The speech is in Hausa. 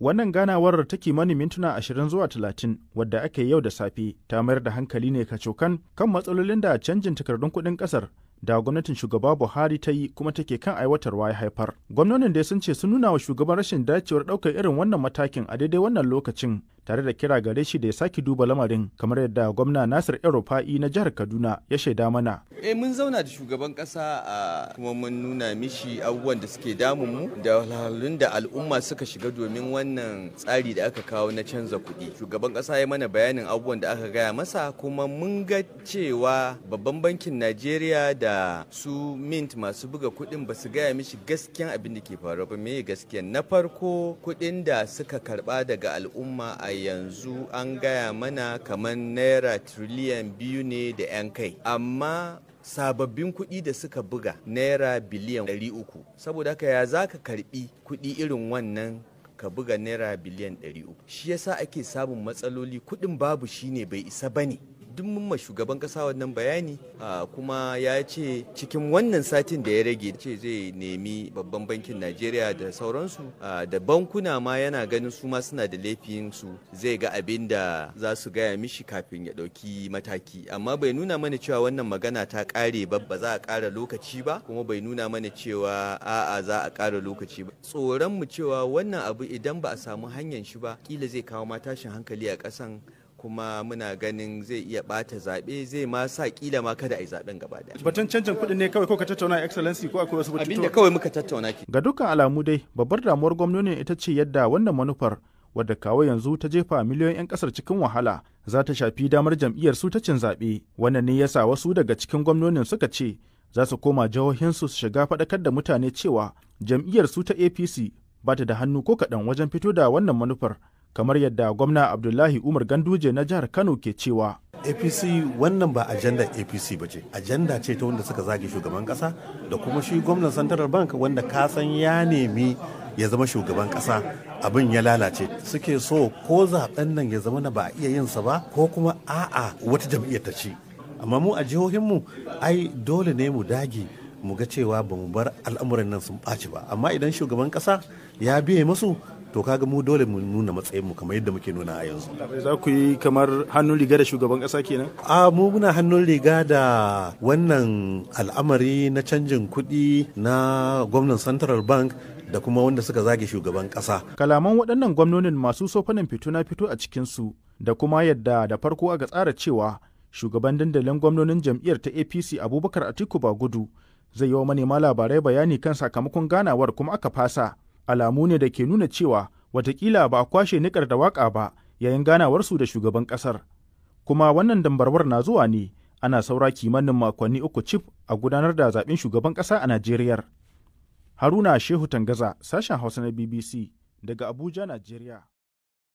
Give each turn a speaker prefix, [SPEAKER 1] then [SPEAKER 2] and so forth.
[SPEAKER 1] Wannan ganawar ta kimanin mintuna ashirin zuwa talatin wadda aka yi yau da safe ta mayar da hankali ne kacokan kan matsalolin da canjin takardun kuɗin ƙasar da gwamnatin shugaba Buhari ta yi kuma take kan aiwatarwa ya haifar. Gwamnonin dai sun ce sun nuna wa shugaban rashin dacewar ɗaukar irin wannan matakin a daidai wannan lokacin tare da kira gare shi da ya sake duba lamarin kamar yadda gwamna nasir erofa'i na jihar kaduna ya shaida mana
[SPEAKER 2] eh mun zauna da shugaban kasa a kuma mun nuna mishi abubuwan da suke damun mu da halin da al'umma suka shiga domin wannan tsari da aka kawo na canza kuɗi shugaban kasa ya mana bayanin abubuwan da aka gaya masa kuma mun ga cewa babban bankin najeriya da su mint masu buga kuɗin ba su gaya mishi gaskiyan abin da ke faruwa ba me gaskiya na farko kuɗin da suka karba daga al'umma a yanzu an gaya mana kamar naira triliyan biyu ne da 'yan kai amma sababbin kuɗi da suka buga naira biliyan 300 saboda haka ya za ka karbi kuɗi irin wannan ka buga naira biliyan 300 shi yasa ake samun matsaloli kuɗin babu shine bai isa bane duk mun ma shugaban kasa wannan bayani kuma ya ce cikin wannan satin da ya rage ce zai nemi babban bankin najeriya da sauransu da bankuna ma yana ganin su ma suna da laifin su zai ga abin da za su gaya mishi kafin ya ɗauki mataki amma bai nuna mana cewa wannan magana ta kare ba ba za a ƙara lokaci ba kuma bai nuna mana cewa a'a za a ƙara lokaci ba tsoron mu cewa wannan abu idan ba a samu hanyar shi ba kila zai kawo ma tashin hankali a ƙasan kuma muna ganin zai iya bata zaɓe zai ma sa kila ma kada a yi zaɓen gaba daya.
[SPEAKER 1] Batun canjin kuɗi ne kawai ko ka tattauna excellency
[SPEAKER 2] ko akwai wasu batutuwa. Abinda kawai muka tattauna
[SPEAKER 1] ki. Ga dukkan alamu dai babbar damuwar gwamnonin ita ce yadda wannan manufar wadda kawo yanzu ta jefa miliyoyin 'yan kasar cikin wahala za ta shafi damar jam'iyyar su ta cin zaɓe wannan ne yasa wasu daga cikin gwamnonin suka ce za su koma jihohinsu su shiga faɗakar da mutane cewa jam'iyyar su ta apc ba ta da hannu ko kaɗan wajen fito da wannan manufar kamar yadda gwamna abdullahi umar ganduje na jihar kano ke cewa apc wannan ba ajanda apc ba ce ajanda ce ta wanda suka zage shugaban kasa da kuma
[SPEAKER 3] shi gwamnan central bank wanda ka san ya nemi ya zama shugaban kasa abin ya lalace suke so ko zaben nan ya zama na ba a iya sa ba ko kuma a'a wata jam'iyyar ta ci amma mu a jihohinmu ai dole ne mu dage mu ga cewa ba mu bar al'amuran nan sun ɓaci ba amma idan shugaban kasa ya biye masu to kaga mu dole mu nuna matsayin mu kamar yadda muke nuna
[SPEAKER 1] a yanzu za ku yi kamar hannun riga da shugaban kasa kenan
[SPEAKER 3] a mu muna hannun riga da wannan al'amari na canjin
[SPEAKER 1] kuɗi na gwamnan central bank da kuma wanda suka zage shugaban kasa kalaman waɗannan gwamnonin masu sofanin fito na fito a cikin su da kuma yadda da farko aka tsara cewa shugaban dandalin gwamnonin jam'iyyar ta apc abubakar atiku ba gudu zai yi wa manema labarai bayani kan sakamakon ganawar kuma aka fasa alamu ne da ke nuna cewa watakila ba a kwashe nikar da waƙa ba yayin ganawarsu da shugaban ƙasar. Kuma wannan dambarwar na zuwa ne ana saura kimanin makonni uku cif a gudanar da zaɓen shugaban ƙasa a Najeriya. Haruna Shehu Tangaza, sashen Hausa na BBC, daga Abuja, Najeriya.